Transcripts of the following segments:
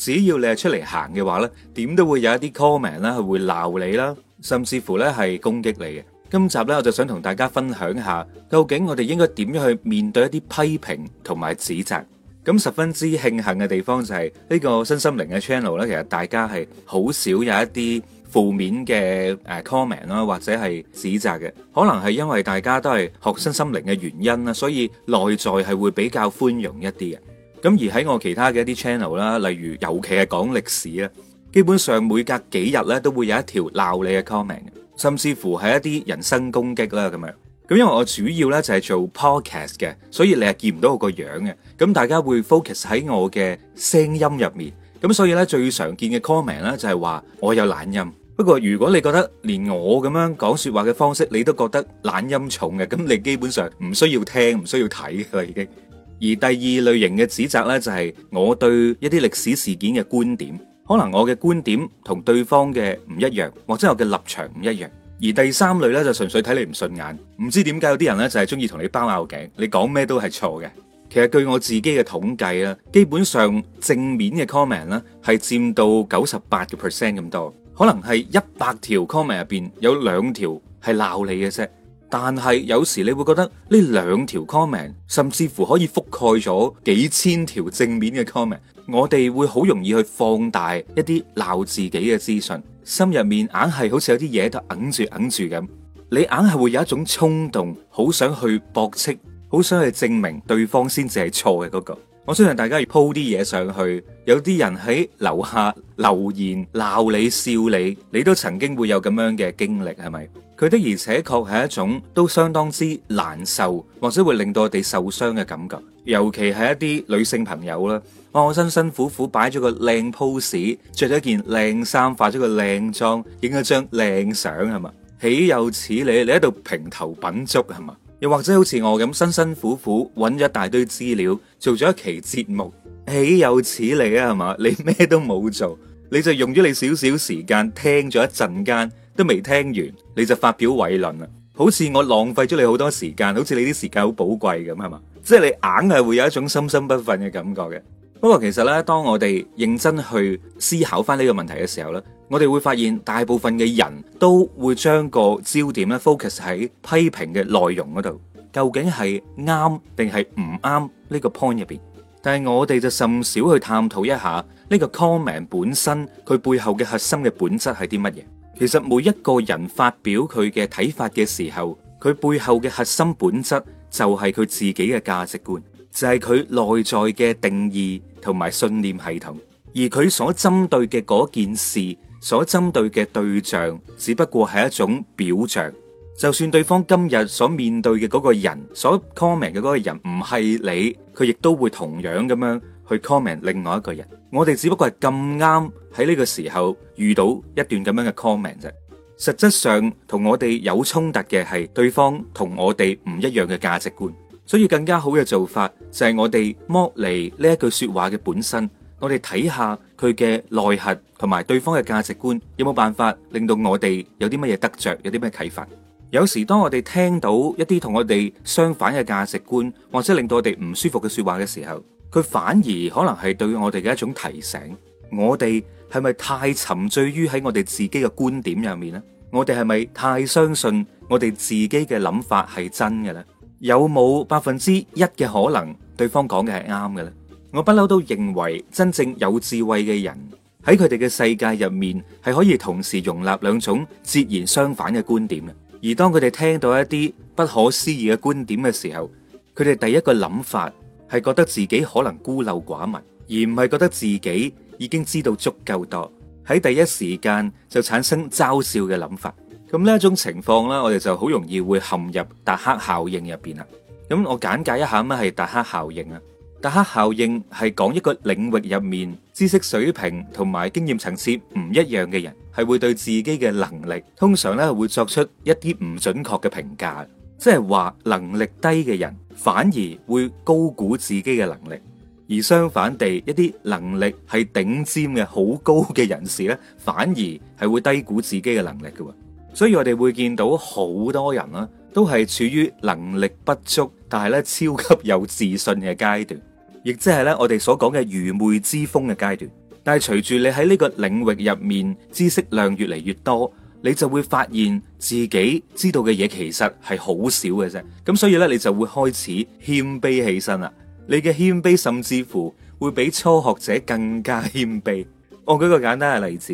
只要你係出嚟行嘅話呢點都會有一啲 comment 啦，係會鬧你啦，甚至乎呢係攻擊你嘅。今集呢，我就想同大家分享下，究竟我哋應該點樣去面對一啲批評同埋指責。咁十分之慶幸嘅地方就係呢個身心靈嘅 channel 呢，其實大家係好少有一啲負面嘅誒 comment 啦，或者係指責嘅。可能係因為大家都係學身心靈嘅原因啦，所以內在係會比較寬容一啲嘅。咁而喺我其他嘅一啲 channel 啦，例如尤其係講歷史啦，基本上每隔幾日咧都會有一條鬧你嘅 comment，甚至乎係一啲人身攻擊啦咁樣。咁因為我主要咧就係做 podcast 嘅，所以你係見唔到我個樣嘅。咁大家會 focus 喺我嘅聲音入面，咁所以咧最常見嘅 comment 咧就係話我有懶音。不過如果你覺得連我咁樣講說話嘅方式你都覺得懶音重嘅，咁你基本上唔需要聽，唔需要睇啦已經。而第二類型嘅指責呢，就係我對一啲歷史事件嘅觀點，可能我嘅觀點同對方嘅唔一樣，或者我嘅立場唔一樣。而第三類呢，就純粹睇你唔順眼，唔知點解有啲人呢，就係中意同你包拗頸，你講咩都係錯嘅。其實據我自己嘅統計啊，基本上正面嘅 comment 呢，係佔到九十八個 percent 咁多，可能係一百條 comment 入邊有兩條係鬧你嘅啫。但係有時你會覺得呢兩條 comment，甚至乎可以覆蓋咗幾千條正面嘅 comment，我哋會好容易去放大一啲鬧自己嘅資訊，心入面硬係好似有啲嘢都哽住哽住咁，你硬係會有一種衝動，好想去駁斥，好想去證明對方先至係錯嘅嗰、那個。我相信大家要鋪啲嘢上去，有啲人喺樓下留言鬧你笑你，你都曾經會有咁樣嘅經歷，係咪？佢的而且確係一種都相當之難受，或者會令到我哋受傷嘅感覺。尤其係一啲女性朋友啦，我，我辛辛苦苦擺咗個靚 pose，着咗件靚衫，化咗個靚妝，影咗張靚相，係嘛？豈有此理！你喺度評頭品足，係嘛？又或者好似我咁辛辛苦苦揾咗一大堆資料，做咗一期節目，豈有此理啊？係嘛？你咩都冇做，你就用咗你少少時間聽咗一陣間。都未聽完，你就發表偉論啦？好似我浪費咗你好多時間，好似你啲時間好寶貴咁，係嘛？即係你硬係會有一種心心不忿嘅感覺嘅。不過其實咧，當我哋認真去思考翻呢個問題嘅時候咧，我哋會發現大部分嘅人都會將個焦點咧 focus 喺批評嘅內容嗰度，究竟係啱定係唔啱呢個 point 入邊？但係我哋就甚少去探討一下呢個 comment 本身佢背後嘅核心嘅本質係啲乜嘢。其實每一個人發表佢嘅睇法嘅時候，佢背後嘅核心本質就係佢自己嘅價值觀，就係佢內在嘅定義同埋信念系統。而佢所針對嘅嗰件事，所針對嘅對象，只不過係一種表象。就算對方今日所面對嘅嗰個人，所 comment 嘅嗰個人唔係你，佢亦都會同樣咁樣去 comment 另外一個人。我哋只不過係咁啱喺呢個時候遇到一段咁樣嘅 comment 啫。實質上同我哋有衝突嘅係對方同我哋唔一樣嘅價值觀。所以更加好嘅做法就係我哋剝離呢一句說話嘅本身，我哋睇下佢嘅內核同埋對方嘅價值觀，有冇辦法令到我哋有啲乜嘢得着，有啲咩啟發？有時當我哋聽到一啲同我哋相反嘅價值觀，或者令到我哋唔舒服嘅說話嘅時候，佢反而可能係對我哋嘅一種提醒，我哋係咪太沉醉於喺我哋自己嘅觀點入面咧？我哋係咪太相信我哋自己嘅諗法係真嘅咧？有冇百分之一嘅可能，對方講嘅係啱嘅咧？我不嬲都認為，真正有智慧嘅人喺佢哋嘅世界入面係可以同時容納兩種截然相反嘅觀點嘅，而當佢哋聽到一啲不可思議嘅觀點嘅時候，佢哋第一個諗法。係覺得自己可能孤陋寡聞，而唔係覺得自己已經知道足夠多，喺第一時間就產生嘲笑嘅諗法。咁呢一種情況啦，我哋就好容易會陷入達克效應入邊啦。咁我簡介一下咩係達克效應啊？達克效應係講一個領域入面知識水平同埋經驗層次唔一樣嘅人，係會對自己嘅能力通常咧會作出一啲唔準確嘅評價，即係話能力低嘅人。反而會高估自己嘅能力，而相反地，一啲能力係頂尖嘅好高嘅人士呢，反而係會低估自己嘅能力嘅。所以，我哋會見到好多人啦，都係處於能力不足，但係咧超級有自信嘅階段，亦即係咧我哋所講嘅愚昧之風嘅階段。但係隨住你喺呢個領域入面，知識量越嚟越多，你就會發現自己知道嘅嘢，其實係好少嘅啫，咁所以呢，你就會開始謙卑起身啦。你嘅謙卑甚至乎會比初學者更加謙卑。我、哦、舉個簡單嘅例子，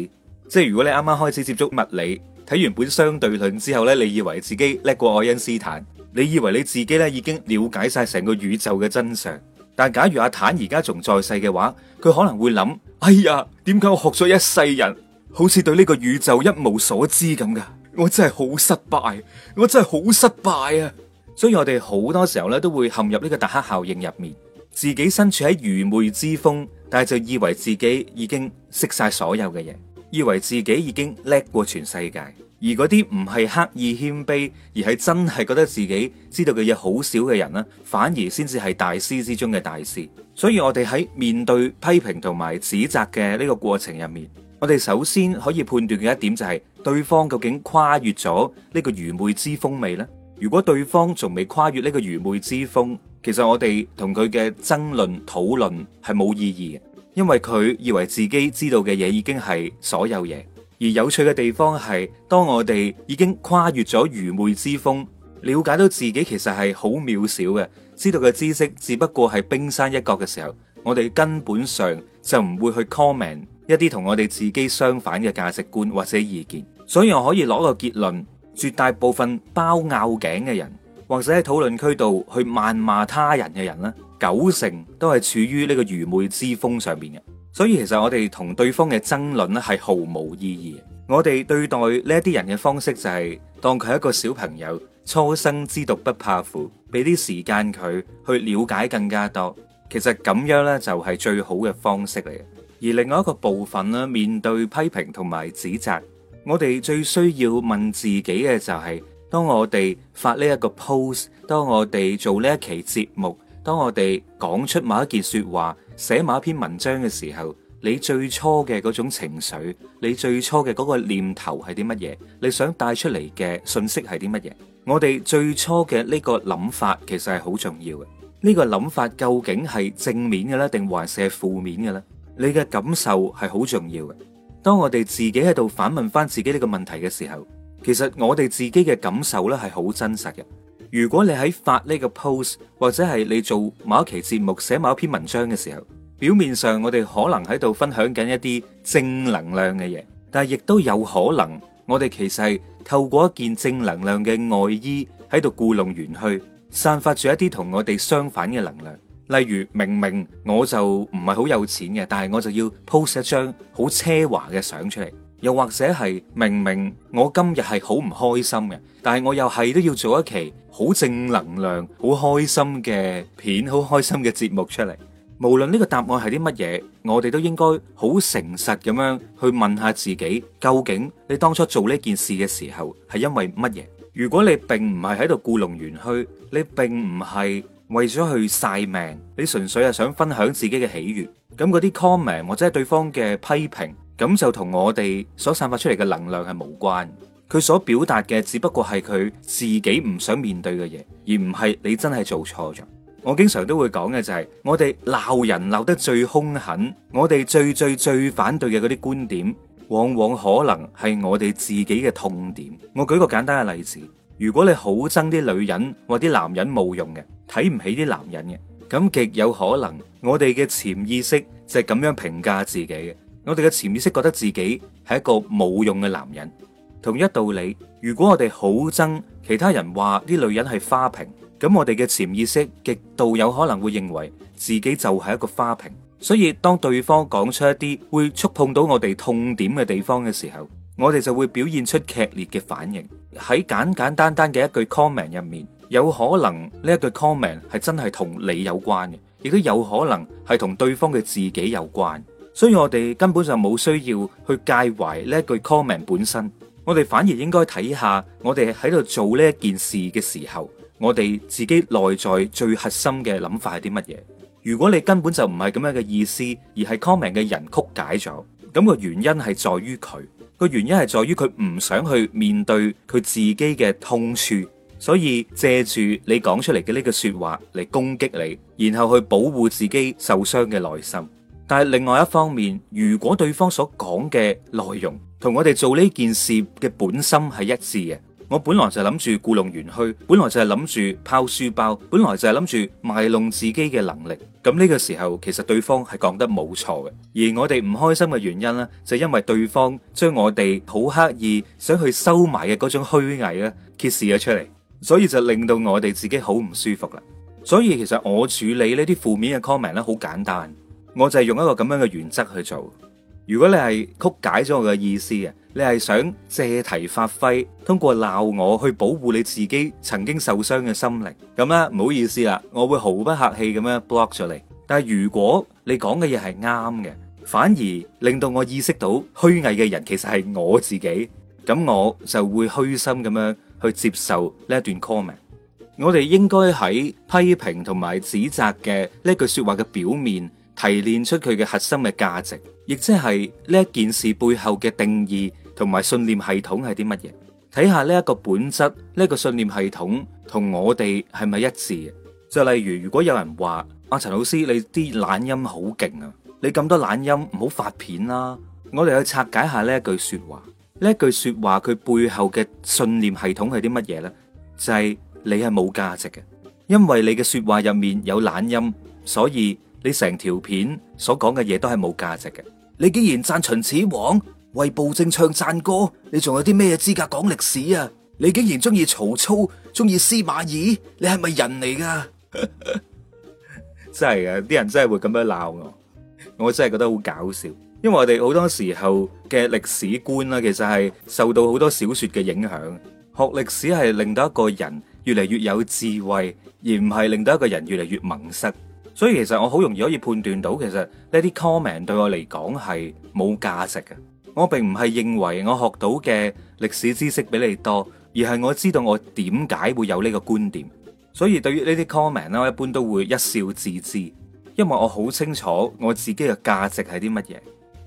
即係如果你啱啱開始接觸物理，睇完本相對論之後呢，你以為自己叻過愛因斯坦，你以為你自己呢已經了解晒成個宇宙嘅真相。但假如阿坦而家仲在世嘅話，佢可能會諗：哎呀，點解我學咗一世人？好似對呢個宇宙一無所知咁噶，我真係好失敗，我真係好失敗啊！所以我哋好多時候咧都會陷入呢個達克效應入面，自己身處喺愚昧之風，但係就以為自己已經識晒所有嘅嘢，以為自己已經叻過全世界，而嗰啲唔係刻意謙卑，而係真係覺得自己知道嘅嘢好少嘅人咧，反而先至係大師之中嘅大師。所以我哋喺面對批評同埋指責嘅呢個過程入面。我哋首先可以判斷嘅一點就係對方究竟跨越咗呢個愚昧之峰未呢？如果對方仲未跨越呢個愚昧之峰，其實我哋同佢嘅爭論討論係冇意義嘅，因為佢以為自己知道嘅嘢已經係所有嘢。而有趣嘅地方係，當我哋已經跨越咗愚昧之峰，了解到自己其實係好渺小嘅，知道嘅知識只不過係冰山一角嘅時候，我哋根本上就唔會去 comment。一啲同我哋自己相反嘅價值觀或者意見，所以我可以攞個結論，絕大部分包拗頸嘅人，或者喺討論區度去謾罵他人嘅人咧，九成都係處於呢個愚昧之峰上邊嘅。所以其實我哋同對方嘅爭論咧係毫無意義。我哋對待呢啲人嘅方式就係當佢係一個小朋友，初生之犢不怕虎，俾啲時間佢去了解更加多。其實咁樣呢，就係最好嘅方式嚟嘅。而另外一個部分咧，面對批評同埋指責，我哋最需要問自己嘅就係，當我哋發呢一個 post，當我哋做呢一期節目，當我哋講出某一件說話，寫某一篇文章嘅時候，你最初嘅嗰種情緒，你最初嘅嗰個念頭係啲乜嘢？你想帶出嚟嘅信息係啲乜嘢？我哋最初嘅呢個諗法其實係好重要嘅。呢個諗法究竟係正面嘅呢？定還是係負面嘅呢？你嘅感受係好重要嘅。當我哋自己喺度反問翻自己呢個問題嘅時候，其實我哋自己嘅感受呢係好真實嘅。如果你喺發呢個 post 或者係你做某一期節目、寫某一篇文章嘅時候，表面上我哋可能喺度分享緊一啲正能量嘅嘢，但係亦都有可能我哋其實係透過一件正能量嘅外衣喺度故弄玄虛，散發住一啲同我哋相反嘅能量。例如明明我就唔係好有錢嘅，但係我就要 post 一張好奢華嘅相出嚟。又或者係明明我今日係好唔開心嘅，但係我又係都要做一期好正能量、好開心嘅片、好開心嘅節目出嚟。無論呢個答案係啲乜嘢，我哋都應該好誠實咁樣去問下自己，究竟你當初做呢件事嘅時候係因為乜嘢？如果你並唔係喺度故弄玄虛，你並唔係。為咗去晒命，你純粹係想分享自己嘅喜悅，咁嗰啲 comment 或者係對方嘅批評，咁就同我哋所散發出嚟嘅能量係無關。佢所表達嘅只不過係佢自己唔想面對嘅嘢，而唔係你真係做錯咗。我經常都會講嘅就係、是，我哋鬧人鬧得最兇狠，我哋最、最最最反對嘅嗰啲觀點，往往可能係我哋自己嘅痛點。我舉個簡單嘅例子，如果你好憎啲女人或啲男人冇用嘅，睇唔起啲男人嘅，咁極有可能我哋嘅潛意識就係咁樣評價自己嘅。我哋嘅潛意識覺得自己係一個冇用嘅男人。同一道理，如果我哋好憎其他人話啲女人係花瓶，咁我哋嘅潛意識極度有可能會認為自己就係一個花瓶。所以當對方講出一啲會觸碰到我哋痛點嘅地方嘅時候，我哋就會表現出劇烈嘅反應。喺簡簡單單嘅一句 comment 入面。有可能呢一句 comment 係真係同你有關嘅，亦都有可能係同對方嘅自己有關，所以我哋根本就冇需要去介懷呢一句 comment 本身，我哋反而應該睇下我哋喺度做呢一件事嘅時候，我哋自己內在最核心嘅諗法係啲乜嘢？如果你根本就唔係咁樣嘅意思，而係 comment 嘅人曲解咗，咁個原因係在於佢，個原因係在於佢唔想去面對佢自己嘅痛處。所以借住你講出嚟嘅呢個說話嚟攻擊你，然後去保護自己受傷嘅內心。但係另外一方面，如果對方所講嘅內容同我哋做呢件事嘅本心係一致嘅，我本來就諗住故弄玄虛，本來就係諗住拋書包，本來就係諗住賣弄自己嘅能力。咁呢個時候，其實對方係講得冇錯嘅，而我哋唔開心嘅原因咧，就是、因為對方將我哋好刻意想去收埋嘅嗰種虛偽咧，揭示咗出嚟。所以就令到我哋自己好唔舒服啦。所以其實我處理呢啲負面嘅 comment 咧，好簡單，我就係用一個咁樣嘅原則去做。如果你係曲解咗我嘅意思啊，你係想借題發揮，通過鬧我去保護你自己曾經受傷嘅心靈，咁咧唔好意思啦，我會毫不客氣咁樣 block 咗你。但係如果你講嘅嘢係啱嘅，反而令到我意識到虛偽嘅人其實係我自己，咁我就會虛心咁樣。去接受呢一段 comment，我哋應該喺批評同埋指責嘅呢句說話嘅表面提煉出佢嘅核心嘅價值，亦即係呢一件事背後嘅定義同埋信念系統係啲乜嘢？睇下呢一個本質，呢、這、一個信念系統同我哋係咪一致？就例如，如果有人話阿、啊、陳老師你啲懶音好勁啊，你咁多懶音唔好發片啦，我哋去拆解下呢一句說話。呢句說話佢背後嘅信念系統係啲乜嘢呢？就係你係冇價值嘅，因為你嘅說話入面有懶音，所以你成條片所講嘅嘢都係冇價值嘅。你竟然讚秦始皇為暴政唱讚歌，你仲有啲咩資格講歷史啊？你竟然中意曹操，中意司馬懿，你係咪人嚟噶？ 真係嘅，啲人真係會咁樣鬧我，我真係覺得好搞笑。因為我哋好多時候嘅歷史觀啦、啊，其實係受到好多小說嘅影響。學歷史係令到一個人越嚟越有智慧，而唔係令到一個人越嚟越萌塞。所以其實我好容易可以判斷到，其實呢啲 comment 對我嚟講係冇價值嘅。我並唔係認為我學到嘅歷史知識比你多，而係我知道我點解會有呢個觀點。所以對於呢啲 comment 啦，我一般都會一笑置之，因為我好清楚我自己嘅價值係啲乜嘢。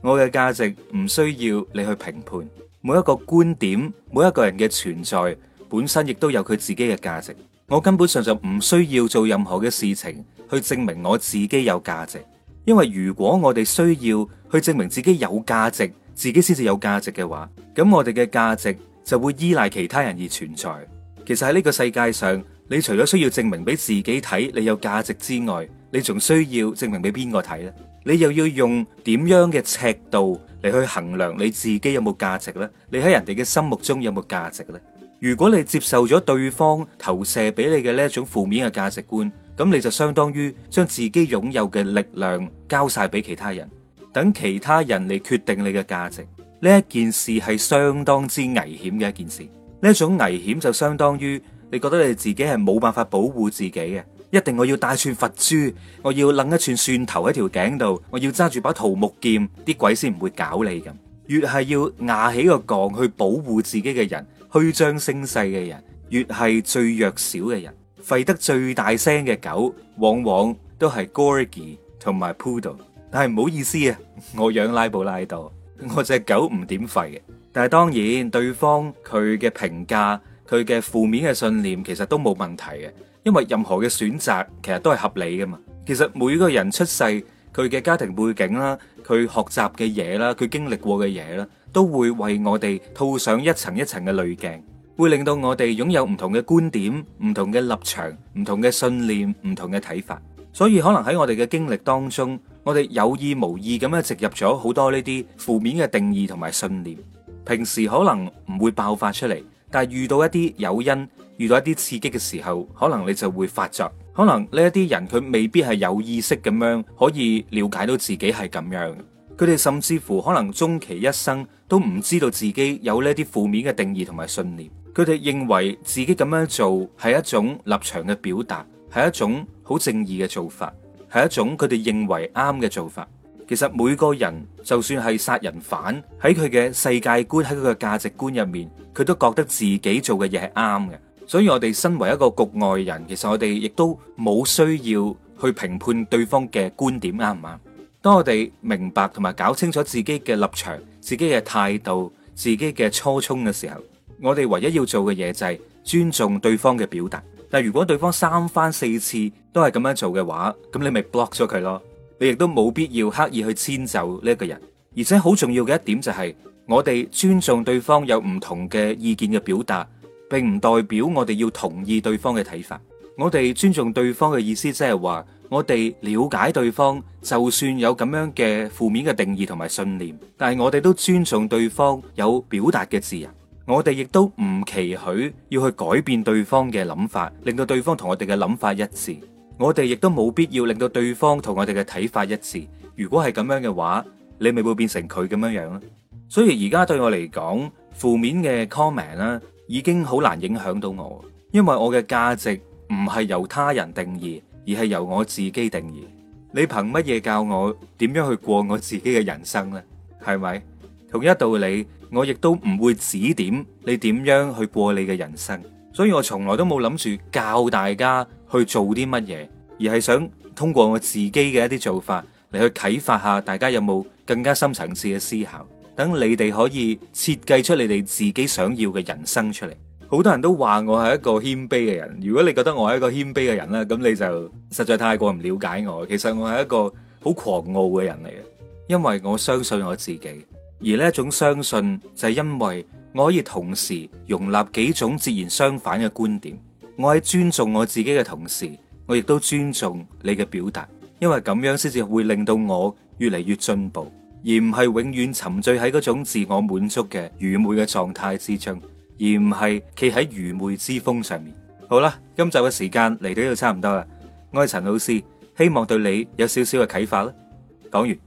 我嘅價值唔需要你去評判，每一個觀點，每一個人嘅存在本身亦都有佢自己嘅價值。我根本上就唔需要做任何嘅事情去證明我自己有價值，因為如果我哋需要去證明自己有價值，自己先至有價值嘅話，咁我哋嘅價值就會依賴其他人而存在。其實喺呢個世界上，你除咗需要證明俾自己睇你有價值之外，你仲需要證明俾邊個睇呢？你又要用點樣嘅尺度嚟去衡量你自己有冇價值呢？你喺人哋嘅心目中有冇價值呢？如果你接受咗對方投射俾你嘅呢一種負面嘅價值觀，咁你就相當於將自己擁有嘅力量交晒俾其他人，等其他人嚟決定你嘅價值。呢一件事係相當之危險嘅一件事。呢一種危險就相當於你覺得你自己係冇辦法保護自己嘅。一定我要帶串佛珠，我要掕一串蒜頭喺條頸度，我要揸住把桃木劍，啲鬼先唔會搞你咁。越係要架起個槓去保護自己嘅人，虛張聲勢嘅人，越係最弱小嘅人。吠得最大聲嘅狗，往往都係 Corgi 同埋 Poodle。但係唔好意思啊，我養拉布拉多，我隻狗唔點吠嘅。但係當然，對方佢嘅評價，佢嘅負面嘅信念，其實都冇問題嘅。因為任何嘅選擇其實都係合理㗎嘛。其實每個人出世，佢嘅家庭背景啦，佢學習嘅嘢啦，佢經歷過嘅嘢啦，都會為我哋套上一層一層嘅濾鏡，會令到我哋擁有唔同嘅觀點、唔同嘅立場、唔同嘅信念、唔同嘅睇法。所以可能喺我哋嘅經歷當中，我哋有意無意咁樣植入咗好多呢啲負面嘅定義同埋信念。平時可能唔會爆發出嚟，但係遇到一啲誘因。遇到一啲刺激嘅時候，可能你就會發作。可能呢一啲人佢未必係有意識咁樣可以了解到自己係咁樣。佢哋甚至乎可能終其一生都唔知道自己有呢啲負面嘅定義同埋信念。佢哋認為自己咁樣做係一種立場嘅表達，係一種好正義嘅做法，係一種佢哋認為啱嘅做法。其實每個人就算係殺人犯，喺佢嘅世界觀喺佢嘅價值觀入面，佢都覺得自己做嘅嘢係啱嘅。所以，我哋身為一個局外人，其實我哋亦都冇需要去評判對方嘅觀點，啱唔啱？當我哋明白同埋搞清楚自己嘅立場、自己嘅態度、自己嘅初衷嘅時候，我哋唯一要做嘅嘢就係尊重對方嘅表達。但如果對方三番四次都係咁樣做嘅話，咁你咪 block 咗佢咯？你亦都冇必要刻意去遷就呢一個人。而且好重要嘅一點就係，我哋尊重對方有唔同嘅意見嘅表達。並唔代表我哋要同意對方嘅睇法，我哋尊重對方嘅意思，即係話我哋了解對方，就算有咁樣嘅負面嘅定義同埋信念，但係我哋都尊重對方有表達嘅自由，我哋亦都唔期許要去改變對方嘅諗法，令到對方同我哋嘅諗法一致。我哋亦都冇必要令到對方同我哋嘅睇法一致。如果係咁樣嘅話，你咪會變成佢咁樣樣咯。所以而家對我嚟講，負面嘅 comment 啦。已經好難影響到我，因為我嘅價值唔係由他人定義，而係由我自己定義。你憑乜嘢教我點樣去過我自己嘅人生呢？係咪？同一道理，我亦都唔會指點你點樣去過你嘅人生。所以我從來都冇諗住教大家去做啲乜嘢，而係想通過我自己嘅一啲做法嚟，去啟發下大家有冇更加深層次嘅思考。等你哋可以設計出你哋自己想要嘅人生出嚟。好多人都話我係一個謙卑嘅人。如果你覺得我係一個謙卑嘅人咧，咁你就實在太過唔了解我。其實我係一個好狂傲嘅人嚟嘅，因為我相信我自己。而呢一種相信就係因為我可以同時容納幾種截然相反嘅觀點。我喺尊重我自己嘅同時，我亦都尊重你嘅表達，因為咁樣先至會令到我越嚟越進步。而唔係永遠沉醉喺嗰種自我滿足嘅愚昧嘅狀態之中，而唔係企喺愚昧之峰上面。好啦，今集嘅時間嚟到呢度差唔多啦，我係陳老師，希望對你有少少嘅啟發啦。講完。